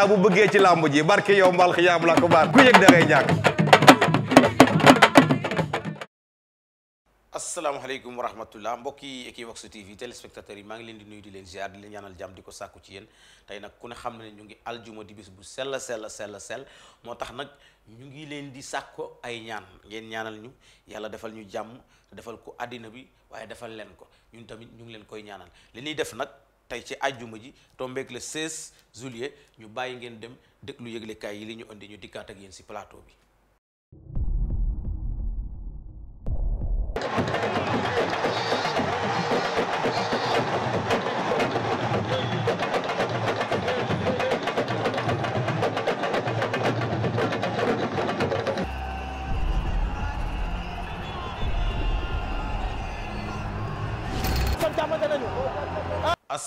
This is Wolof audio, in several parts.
naa bu bëggee ci làmb ji barke yow mbal xiyaam la ko baar ku yëg da ngay ñàkk mbokk yi Equivox TV téléspectateurs yi maa ngi leen di nuy di leen ziar di leen ñaanal jàmm di ko sàkku ci yéen tey nag ku ne xam ne ñu ngi aljuma di bis bu sell sell sell sell moo tax nag ñu ngi leen di sàkko ay ñaan ngeen ñaanal ñu yàlla defal ñu jàmm defal ko àddina bi waaye defal leen ko ñu tamit ñu ngi leen koy ñaanal li ñuy def nag tey ci àjjuma ji tombeek le 16 juillet ñu bàyyi ngeen dem déglu yëglekaay yi li ñu indi ñu dikkaat ak yéen si plateau bi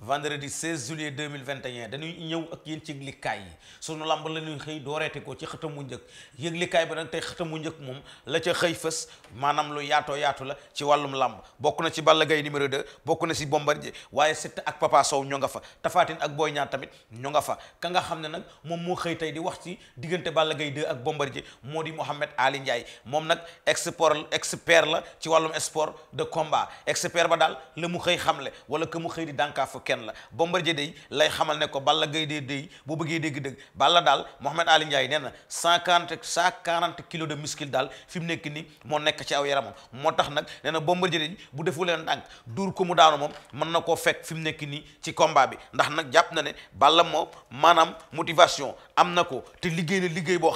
vendredi 16 juillet 2021 dañuy ñëw ak yéen ci yëglikaay yi sunu lamb la ñuy xëy dooreete ko ci xëtam mu njëkk yëglikaay bi nag tey xëtam mu njëkk moom la ca xëy fës maanaam lu yaatoo yaatu la ci wàllum làmb bokk na ci Balla gay numéro 2 bokk na ci Bombardier waaye Siteu ak Papa ñoo nga fa Tapha ak Boy Niang tamit ñoo nga fa ka nga xam ne nag moom moo xëy tey di wax ci diggante Balla gay 2 ak Bombardier moo di Mouhamed Ali Ndiaye moom nag export expert la ci wàllum sport de combat expert ba daal la mu xëy xamle wala que mu xëy di dànkaafa kenn la Bombardier day lay xamal ne ko Balla Gaye day day bu bëggee dégg-dégg Balla daal Mohamed Ali Ndiaye nee na cent quarante cent quarante kilos de muscle daal fi mu nekk nii moo nekk ci aw yaramam moo na Bombardier day bu defu leen na koo mu nekk nii na ne Balla moom maanaam motivation am boo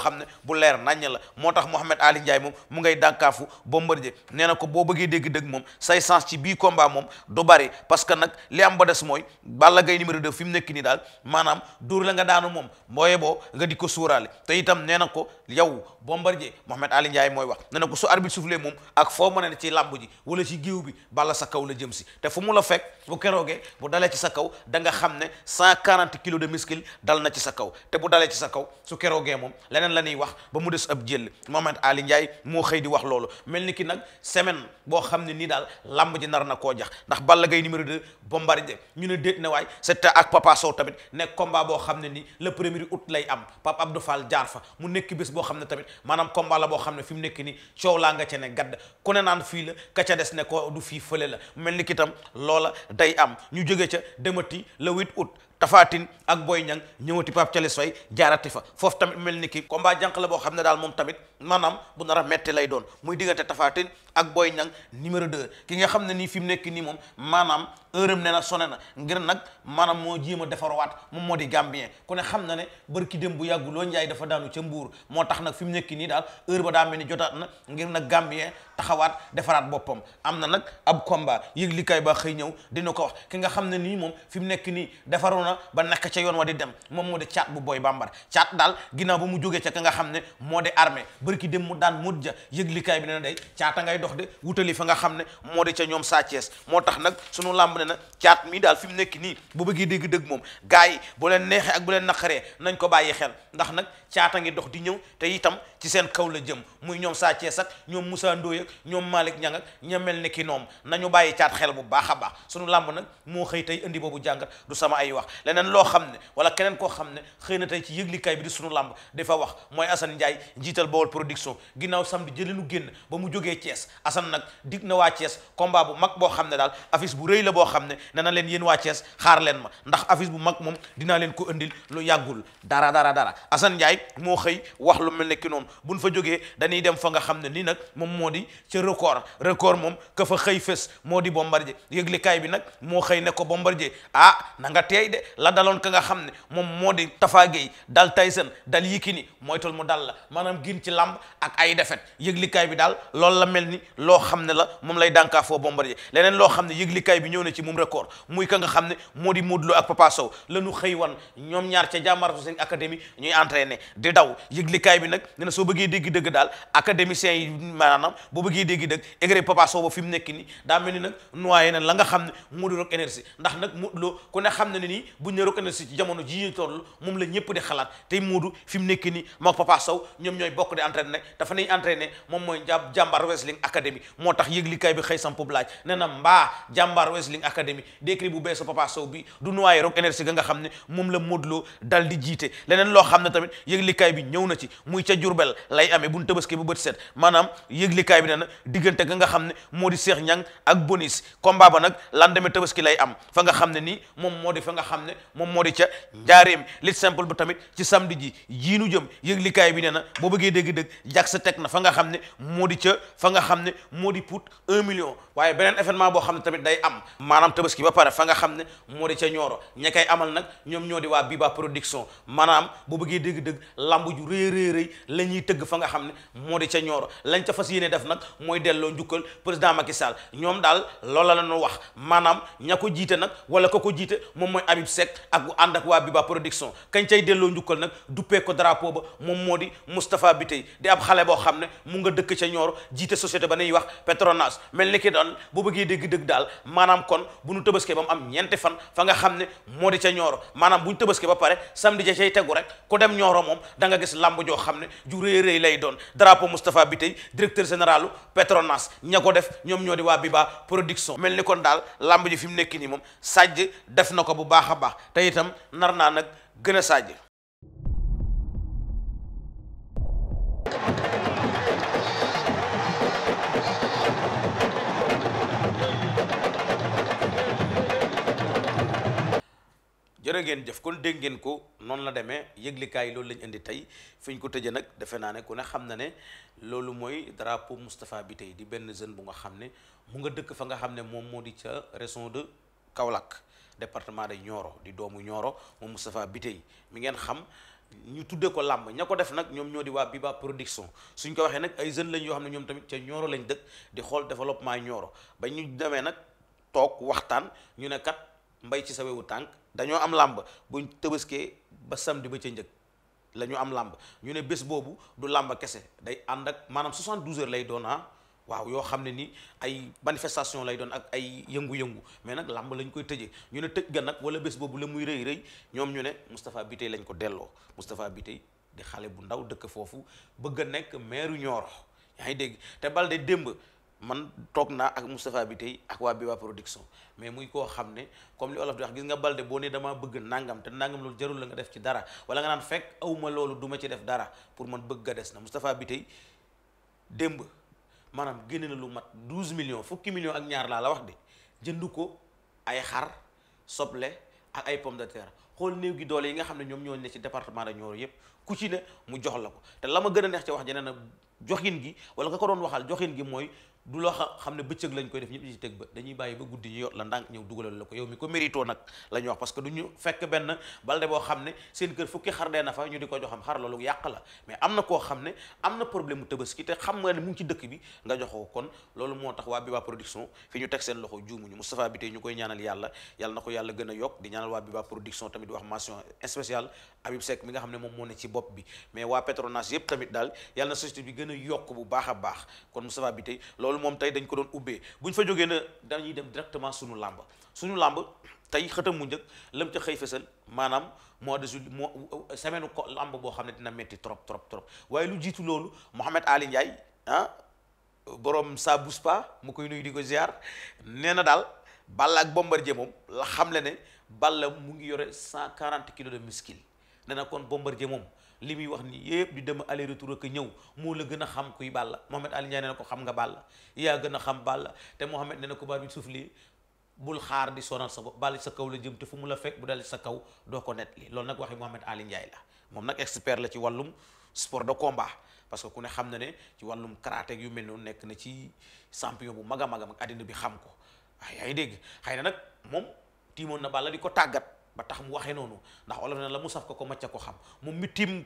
xam ne bu leer naññ la moo tax Mohamed Ali Ndiaye moom mu ngay dànkaafu Bombardier nee na ko boo bëggee dégg-dégg moom say sens ci bii combat moom du bari parce que nag li am ba des mooy mooy Balla Gaye numéro 2 fi mu nekk nii daal maanaam dóor la nga daanu moom mbooye boo nga di ko te itam nee ko yow Bombardier Mohamed mooy wax nee na ko su arbitre soufflé moom ak foo mën ne ci la jëm si te fu mu la fekk bu keroogee bu dalee sa kaw da nga xam ne 140 kilos de muscle dal na ci sa kaw te bu dalee ci sa kaw su keroogee moom leneen la wax ba mu des ab jël Mohamed Ali Ndiaye moo xëy di wax loolu mel ni ki nag semaine boo xam ne nii daal làmb ji nar na koo jax ndax Balla Gaye numéro 2 Bombardier ñu na déet ne waay c'était ak Papa Sow tamit nekk combat boo xam ne ni le premier août lay am Pape Abdou Fall jaar fa mu nekk bés boo xam ne tamit maanaam combat la boo xam ne fi mu nekk ni coow laa nga ca ne gadd ku ne naan fii la ka ca des ne ko du fii fële la mel ni ki tam loola day am ñu jóge ca demati le 8 août tafaatin ak booy ñan ñëwati Pape Thialis Faye jaarati fa foofu tamit mel ni ki combat jànq la boo xam ne daal moom tamit maanaam bu nar a metti lay doon muy diggante tafaatin ak Boy Niang numéro 2 ki nga xam ne nii fi mu nekk nii moom maanaam heure am ne na sone na ngir nag maanaam moo jéem a defarwaat moom moo di Gambien ku ne xam na ne ki dem bu yàgguloo Njaay dafa daanu ca Mbuur moo tax nag fi mu nekk nii daal heure ba daa mel ni jotaat na ngir na Gambien xawaat defaraat boppam am na nag ab combat yëglikaay ba xëy ñëw dina ko wax ki nga xam ne nii moom fi mu nekk nii defaru na ba nakk ca yoon wa di dem moom moo di caat bu booy bambara caat daal ginnaaw ba mu jógee ca ka nga xam ne moo di armée bërki dem mu daan mut ja yëglikaay bi ne na day caata ngay dox de wutali fa nga xam ne moo di ca ñoom Sa Thiès moo tax nag sunu làmb ne na caat mii daal fi mu nekk nii bu bëggee dégg dëgg moom gars yi bu leen neexee ak bu leen naqaree nañ ko bàyyi xel ndax nag caata ngi dox di ñëw te itam ci seen kaw la jëm muy ñoom Sa Thiès ak ñoom Moussa Ndoye ñoom Malick Niang ak ña mel ni ki noom nañu bàyyi caat xel bu baax a baax sunu làmb nag moo xëy tey indi boobu jàngat du sama ay wax leneen loo xam ne wala keneen koo xam ne xëy na tey ci yëglikaay bi di sunu làmb fa wax mooy Assane Ndiaye njiital Bawol production ginnaaw samedi jëlee nu génn ba mu jógee Thiès Assane nag dig na waa Thiès combat bu mag boo xam ne daal affiche bu rëy la boo xam ne nee leen yéen waa Thiès xaar leen ma ndax affiche bu mag moom dinaa leen ko indil lu yàggul dara dara dara Assane Ndiaye moo xëy wax lu mel ne ki noonu buñ fa jógee dañuy dem fa nga xam ne lii nag moom moo di ci record record moom ka fa xëy fës moo di bombardier yëglikaay bi nag moo xëy ne ko bombardier ah na nga teey de la daloon ka nga xam ne moom moo di Tapha Gueye dal Tyson dal Yékini moytul mu dal la maanaam gin ci làmb ak ay defet yëglikaay bi daal loolu la mel ni loo xam ne la moom lay dankaafoo dànkaafoo bombardier leneen loo xam ne yëglikaay bi ñëw na ci moom record muy ka nga xam ne moo di Modou Lo ak Papa Sow xëy wan ñoom ñaar ca jàmmaratu seen académie ñuy entraîné di daw yëglikaay bi soo bëggee boo bëggee dégg dëgg égré papa sow ba fi mu nekk ni daa mel ni nag noyé na la nga xam ne moo di Rock Énergie ndax nag Modou Lo xam ne ne nii buñ ne Rock Énergie ci moom la ñëpp di xalaat tey Modou fi mu nekk ni mook papa sow ñoom ñooy bokk di entraîné nag dafa nañ entraîné moom mooy jàpp jàmbaar wrestling academy moo tax yëglikaay bi xëy sam pub laaj ne na mbaa jàmbaar wrestling academy décret bu beesu papa sow bi du noyé Rock nga xam ne moom la Modou Lo dal jiite leneen loo xam ne tamit yëglikaay bi ñëw na ci muy ca Jurbel lay amee buñ Tabaski bu bët set maanaam yëglikaay bi bëre na diggante ga nga xam ne moo di Cheikh Niang ak Bonis combat ba nag lendemain tabaski lay am fa nga xam ne nii moom moo di fa nga xam ne moom moo di ca njaareem lit simple ba tamit ci samedi ji jii nu jëm yëglikaay bi nee na boo bëggee dégg-dégg jag sa na fa nga xam ne moo di ca fa nga xam ne moo di pour un million waaye beneen événement boo xam ne tamit day am maanaam tabaski ba pare fa nga xam ne moo ca ñooro ña koy amal nag ñoom ñoo di waa Biba production maanaam boo bëggee dégg dëgg lamb ju rëy rëy rëy la ñuy tëgg fa nga xam ne moo di ca ñooro lañ ca fas yéene def nag mooy delloo njukkal président Macky Sall ñoom daal loola la ñu wax maanaam ña ko jiite nag wala ko ko jiite moom mooy Habib Seck ak bu ànd ak waa Biba production kañ cay delloo njukkal nag duppee ko drapeau ba moom moo di Moustapha Biteye di ab xale boo xam ne mu nga dëkk ca Nioro jiite société ba ñuy wax Petronas mel ni ki doon bu bëggee dégg dëgg daal maanaam kon bu nu tëbaskee ba mu am ñeenti fan fa nga xam ne moo di ca Nioro maanaam bu ñu tëbaskee ba pare samedi ja cay tegu rek ku dem Nioro moom da nga gis lamb joo xam ne ju rëy rëy lay doon drapeau Moustapha directeur général Petronas ña ko def ñoom ñoo di waa baax production mel ni kon daal làmb ji fi mu nekk nii moom sàjj def na ko bu baax a baax te itam nar naa nag gën a sàjj jërë ngeen jëf kon dégg ngeen ko noonu la demee yëglikaay yi loolu lañ indi tey fi ko tëjee nag defe naa ne ku ne xam na ne loolu mooy drapeau Moustapha bi tey di benn jeune bu nga xam ne mu nga dëkk fa nga xam ne moom moo di ca région de Kaolack département de Nioro di doomu Nioro moom Moustapha Biteye mi ngeen xam ñu tuddee ko làmb ña ko def nag ñoom ñoo di waa Biba production suñ ko waxee nag ay jeunes lañ yoo xam ne ñoom tamit ca Nioro lañ dëkk di xool développement ñooro ba ñu demee nag toog waxtaan ñu ne mbay ci sa wewu tànk dañoo am làmb buñ tëbëskee ba samedi ba ca njëg la ñu am làmb ñu ne bés boobu du làmb kese day ànd ak maanaam 72 heures lay doon a ah, waaw yoo xam ne ni ay manifestation lay doon ak ay yëngu-yëngu mais nag làmb lañ koy tëjee ñu ne tëj ga nag wala bés boobu la muy rëy rëy ñoom ñu ne Moustapha Biteye lañ ko delloo Moustapha Biteye di xale bu ndaw dëkk foofu bëgg a nekk maire Nioro yaa ngi dégg te Baldé démb man toog naa ak Moustapha bi tey ak waa Biba production mais muy koo xam ne comme li olof di wax gis nga balde boo ne damaa bëgg nangam te nangam loolu jarul la nga def ci dara wala nga naan fekk awma loolu duma ci def dara pour man bëgg a des na Moustapha bi tey démb maanaam génne na lu mat 12 million fukki millions ak ñaar laa la wax de jënd ko ay xar soble ak ay pomme de terre xool néegi doole yi nga xam ne ñoom ñoo ne ci département de Nioro yépp ku mu jox la ko te la ma gën a neex ci wax ji nee na joxin gi wala nga ko doon waxal joxin gi mooy du loo xam ne bëccëg lañ koy def ñëpp ci teg ba dañuy bàyyi ba guddi ñu yor la ndànk ñëw dugalal la ko yow mi ko mérito nag la wax parce du ñu fekk benn balde boo xam ne seen kër fukki xar dee na fa ñu di ko joxam xar loolu yàq la mais am na koo xam ne am na problème mu tabaski te xam nga ne mu ngi ci dëkk bi nga jox ko kon loolu moo tax waa Biba production fi ñu teg seen loxo juumuñu Moustapha bi tey ñu koy ñaanal yàlla yàlla na ko yàlla gën a yokk di ñaanal waa Biba production tamit wax mention spéciale Habib xam ne moom moo ne ci bi mais waa Petronas yépp tamit daal yàlla na a yokk bu baax a baax kon loolu moom tey dañ ko doon ubbee bu ñu fa jógee na dañuy dem directement suñu làmb suñu làmb tey xëtam mu njëkk lam ca xëy fesal maanaam mois de juillet mois semaine ko làmb boo xam ne dina metti trop trop trop waaye lu jiitu loolu Mouhamed Ali Ndiaye ah borom sa buspa mu koy nuyu di ko ziar nee na daal Balla ak Bombardier moom la xamle ne Balla mu ngi yore cent quarante kilo de muscle nee na kon Bombardier moom li muy wax ni yépp di dem aller retour ak ñëw moo la gën a xam kuy Balla Mohamed Ali Ndiaye ko xam nga Balla yaa gën a xam Balla te Mohamed nee na ko baat bi suuf lii bul xaar di sonal sa bopp Balla sa kaw la jëm te fu mu la fekk bu dal sa kaw doo ko net li loolu nag waxi Mohamed Ali la moom nag expert la ci wàllum sport de combat parce que ku ne xam na ne ci wàllum karaté yu mel noonu nekk na ci champion bu mag a mag a mag àddina bi xam ko waaye ah, dégg xëy na nag moom tiimoon na Balla di ko tàggat. ba tax mu waxee noonu ndax olof na la mu saf ko ko macca ko xam moom mi tiim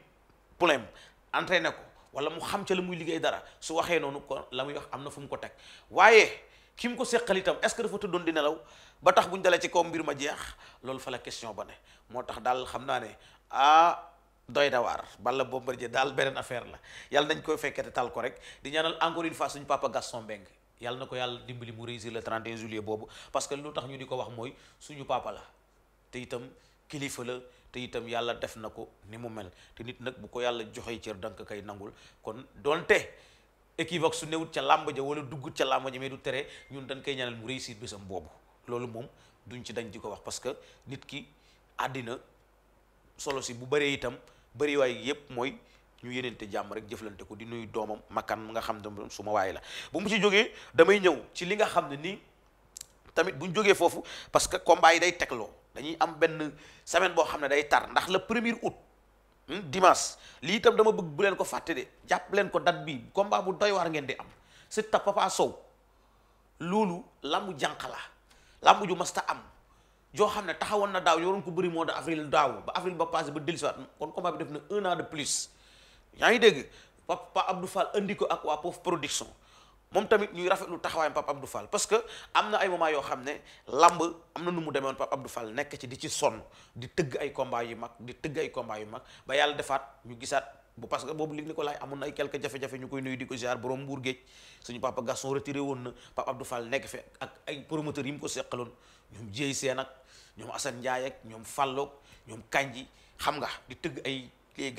problème entraîné ko wala mu xam ca la muy liggéey dara su waxee noonu ko la muy wax am na fu mu ko teg waaye ki mu ko seqal itam est-ce que dafa tëddoon di nelaw ba tax buñ dalee ci kaw mbir ma jeex loolu fa la question ba ne moo tax daal xam naa ne ah doy dawaar Balla Bombardier daal beneen affaire la yàlla nañ koy fekkete tal ko rek di ñaanal encore une suñ suñu papa Gaston Mbengue yàlla na ko yàlla dimbali mu réussir le 31 juillet boobu parce que lu tax ñu di ko wax mooy suñu papa la te itam kilifa la te itam yàlla def na ko ni mu mel te nit nag bu ko yàlla joxee cër danga kay nangul kon donte Equivox su newut ca làmb ja wala duggut ca làmb ja mais du tere ñun dañ koy ñaanal mu réussir bésam boobu loolu moom duñ ci dañ di ko wax parce que nit ki àddina solo si bu bëree itam bëri waay yépp mooy ñu yenente jàmm rek jëflante ko di nuyu doomam makkan nga xam ne su ma waay la bu mu ci jógee damay ñëw ci li nga xam ne nii tamit buñ jógee foofu parce que combat yi day tegloo dañuy am benn semaine boo xam ne day tar ndax la premier août hmm, dimanche lii itam dama bëgg bu leen ko fàtte de jàpp leen ko date bi combat bu doy waar ngeen di am Siteu Papa Sow loolu lambu jànq la lambu ju masta am joo xam ne taxawoon na daaw ñu waroon ko bari moo de avril daaw ba avril ba passé ba dellusiwaat kon combat bi def na un a de plus yaa ngi dégg Papa Abdou Fall andi ko ak waa Pof production moom tamit ñuy rafetlu taxawaayam Pape Abdou Fall parce que am na ay moment yoo xam ne lamb am na nu mu demewoon Pape Abdou Fall nekk ci di ci sonn di tëgg ay combat yu mag di tëgg ay yu mag ba yàlla defaat ñu gisaat bu parce que boobu lig ni ko laay amoon na ay quelques jafe ñu koy nuyu di ko ziar borom mbuur géej suñu papa Gaston retiré woon na Pape Abdou nekk fe ak ay promoteurs yi mu ko seqaloon ñoom Dieye Sène ak ñoom Assane Ndiaye ak ñoom Fallo ñoom Kanji xam nga di tëgg ay les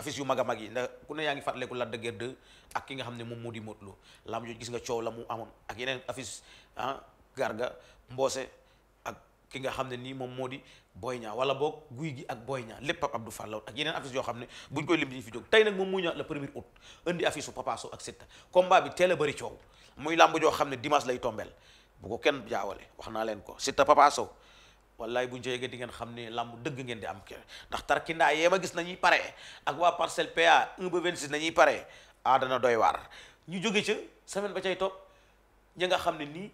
affiche yu mag a mag yi ndax ku ne yaa ngi fàttaliku Lac de Guiers ak ki nga xam ne moom moo di Modou Lo lam jooju gis nga coow la mu amoon ak yeneen affiche ah Garga ak ki nga xam ne nii moom moo di Boy Niang wala boog guy gi ak Boy Niang lépp Pape Abdou Fall ak yeneen yoo xam ne buñ koy lim diñu fi jóg tey nag moom mu ñëwaat le premier août indi affiche su Papa Sow ak Siteu combat bi teel a bëri coow muy làmb joo xam ne dimanche lay tombeel bu ko kenn jaawale wax naa leen ko Siteu Papa Sow wallaay bu ñu ca di ngeen xam ne làmb dëgg ngeen di am ke ndax tarkindaa yee ma gis nañuy pare ak waa parcelle PA 1 ba 26 nañuy pare ah dana doy waar ñu jóge ca semaine ba cay topp ñi nga xam ne nii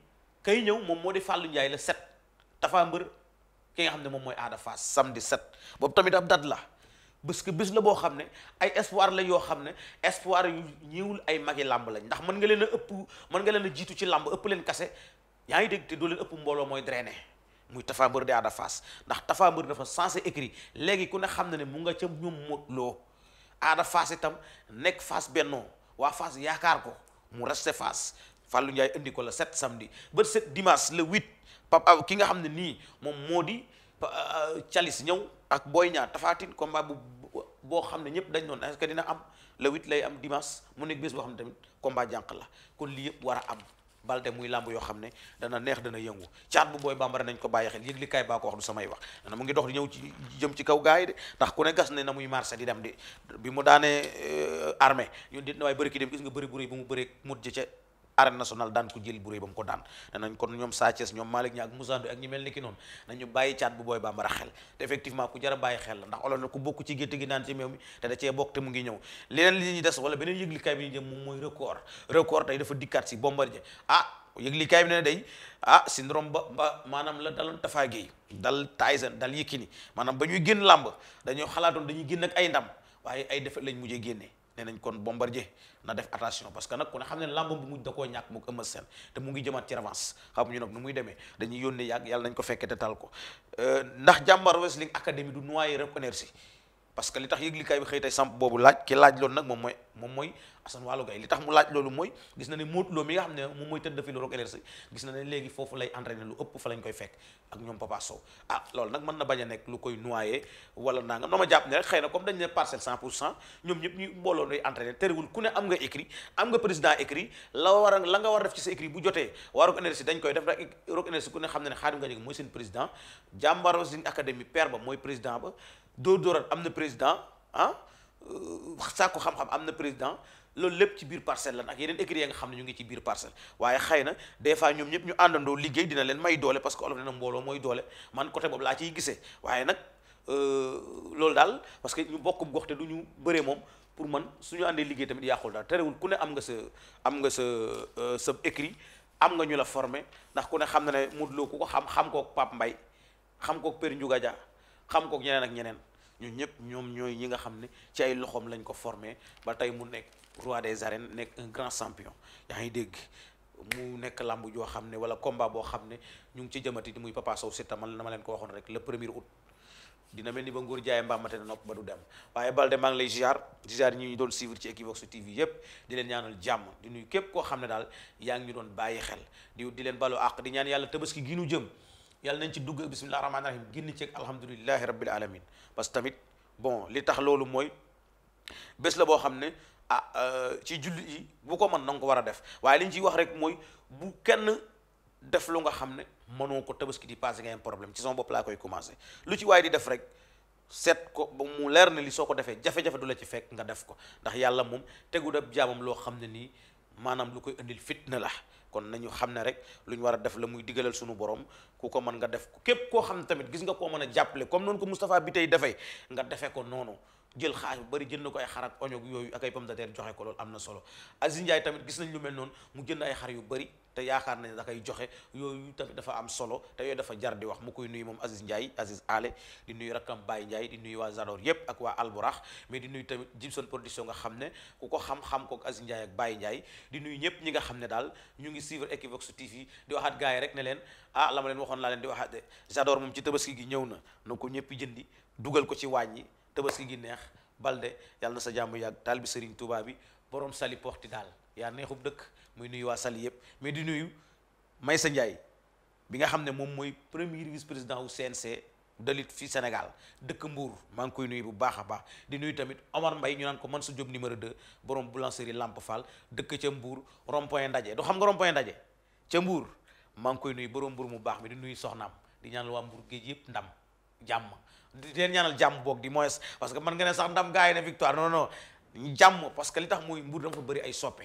kay ñëw moom moo di Fallou Ndiaye la set dafa ki nga xam ne moom mooy Ada Fass samedi set boobu tamit ab date la parce que bis la boo xam ne ay espoir la yoo xam ne espoir yu ñëwul ay magi làmb lañ ndax mën nga leen a ëpp mën nga leen a jiitu ci làmb ëpp leen kase yaa ngi dégg te doo leen ëpp mbooloo mooy drainer muy Tapha Mbeur di Ada Fass ndax Tapha Mbeur dafa censé écrit léegi ku ne xam na ne mu nga ca ñoom Modou loo Ada Fass itam nekk fas bennoo waa Fass yaakaar ko mu resté Fass Fallou Ndiaye indi ko le 7 samedi ba 7 dimanche le 8 papa ki nga xam ne nii moom moo di euh, Thialis ñëw ak booy Niang Tapha Tine combat bu boo xam ne ñëpp dañ noonu est-ce que dina am le 8 lay am dimanche mu nekk bés boo xam ne tamit combat jànq la kon lii yëpp war a am Balde muy làmb yoo xam ne dana neex dana yëngu caat bu booy bambara nañ ko bàyyi xel yëgli kaay baa ko wax du samay wax dana mu ngi dox di ñëw jëm ci kaw gars de ndax ku ne gas ne na muy marché di dem di bi mu daanee euh, armée ñun di waaye bëri ki dem gis nga bëri bu rëy bu mu bëree mut ja ca arène nationale daan ko jël bu rëy ba mu ko daan danañ kon ñoom Sa Thiès ñoom Malick Niang ak Moussa Ndoye ak ñi mel ni ki noonu nañu bàyyi caat bu booy bambara xel te effectivement ku jar a bàyyi xel la ndax olof na ku bokk ci gétt gi naan ci meew mi te da cee bokk te mu ngi ñëw leneen li ñuy des wala beneen yëglikaay bi ñu si Bombardier ah yëglikaay bi ne day ah syndrome ba ba maanaam la daloon Tapha Guèye dal Tyson dal ni maanaam ba ñuy génn làmb dañoo xalaatoon dañuy génn ak ay ndam waaye ay defet lañ mujjee génnee nee nañ kon Bombardier na def attention parce que nag ku ne xam ne làmbam bu mujj da koo ñàkk mu Eumeu Sène te mu ngi jëmaat ci revanche xam ñu nag nu muy demee dañuy yónnee yàgg yàlla nañ ko fekkee te tal ko euh, ndax jàmbaar wrestling académie du noyé rek énergie parce que li tax yëglikaay bi xëy tey samp boobu laaj ki laaj loolu nag moom mooy moom mooy Assane Walu Gaye li tax mu laaj loolu mooy gis na na ne léegi foofu lay entraîné lu ëpp fa lañ koy fekk ah, na bañ a nekk lu koy noyé wala pour cent ñoom ñëpp ñu mbooloo day entraîné terewul ku ne am nga écrit am nga président écrit la war a la nga war def ci sa écrit bu jotee waa Rock Énergie dañ koy def rek Rock Énergie ku ne xam ne ne Khadim Gadiaga mooy seen président Jàmbaar Wrestling Academy père ba mooy président ba dóor dóoraat am na président ah euh, sàkku xam-xam am na président loolu lépp ci biir parcelle lan ak yeneen écrits ya nga xam ne ñu ngi ci biir parcelle waaye xëy na des fois ñoom ñëpp ñu àndandoo liggéey dina leen may doole parce que olof ne na mbooloo mooy doole man côté boobu laa ciy gisee waaye nag euh, loolu daal parce que ñu bokkum gox du ñu bëree moom pour man suñu àndee liggéey tamit yàqul daal terewul ku ne am nga sa am nga sa euh, sa écrit am nga ñu la formé ndax ku ne xam na ne Modou Lo ku ko xam xam kook Pape mbay xam kook Père Ndiouga Dia xam kook ñeneen ak ñeneen ñun ñëpp ñoom ñooy ñi nga xam ne ci ay loxoom lañ ko formé ba tey mu nekk roi des arènes nekk un grand champion yaa ngi dégg mu nekk làmb joo xam ne wala komba boo xam ne ñu ngi ci jëmati di muy Papa Sow Siteu man na ma leen ko waxoon rek le premier août dina mel ni ba nguur jaay mbaamate na nopp ba du dem waaye Balde maa lay ziar di ziar ñi ñu doon suivre ci Equivox TV yépp di leen ñaanal jàmm di nuyu képp koo xam ne daal yaa ngi ñu doon bàyyi xel di di leen balu àq di ñaan yàlla tabaski gi ñu jëm yàlla nañ ci dugg ak bisimilah rahmaani rahim génn ceeg alhamdulilahi rabbil alamin parce que tamit bon li tax loolu mooy bés la boo xam ne ah euh, ci jullit yi bu ko mën nangu ko war a def waaye li ñu ciy wax rek mooy bu kenn def lu nga xam ne mënoo ko tabaski di passé nga am problème ci sama bopp laa koy commencé lu ci waaye di def rek seet ko ba mu leer na li soo ko defee jafe-jafe du la ci fekk nga def ko ndax yàlla moom tegu dab jaamam loo xam ne nii maanaam lu koy indil fitna la kon nañu xam ne rek lu ñu war a def la muy digalal sunu borom ku ko mën nga def képp koo xam ne tamit gis nga koo mën a jàppale comme noonu ko Moustapha bi tey defee nga defe ko noonu jël xaaj bu bari jënd ko ay xar ak oñog yooyu ak ay pomme de terre joxe ko loolu am na solo Aziz Ndiaye tamit gis nañ lu mel noonu mu jënd ay xar yu bari te yaakaar nañ da koy joxe yooyu tamit dafa am solo te yooyu dafa jar di wax mu koy nuyu moom Aziz Ndiaye Aziz Ale di nuyu rakkam bàyyi Ndiaye di nuyu waa Zador yépp ak waa Alburax mais di nuyu tamit Jimson production nga xam ne ku ko xam-xam ko Aziz Ndiaye ak Ndiaye di nuyu ñëpp ñi nga xam ne daal ñu ngi suivre Equivox TV di waxaat gars yi rek ne leen ah lama leen waxoon laa leen di waxaat de Zador moom ci tabaski gi ñëw na na ko ñëpp jëndi dugal ko ci wàññi tabaski gi neex balde yàlla na sa jàmm yàgg taal bi Serigne Touba bi borom sali porti daal yaa neexub dëkk muy nuyu waa Saly yëpp mais di nuyu may sa Ndiaye bi nga xam ne moom mooy premier vice président wu CNC de lutte fii Sénégal dëkk Mbour maa ngi koy nuyu bu baax a baax di nuyu tamit Omar mbay ñu naan ko man su job numéro 2 borom boulangerie làmp Fall dëkk ca mbuur rond-point Ndaje du xam nga rond-point Ndaje ca Mbour maa ngi koy nuyu borom Mbour mu baax mi di nuyu soxnaam di ñaanal waa Mbour géej yëpp ndam jàmm di leen ñaanal jàmm boog di moins parce que man nga ne sax ndam gaay ne victoire non non que li tax mooy Mbour dafa bëri ay soppe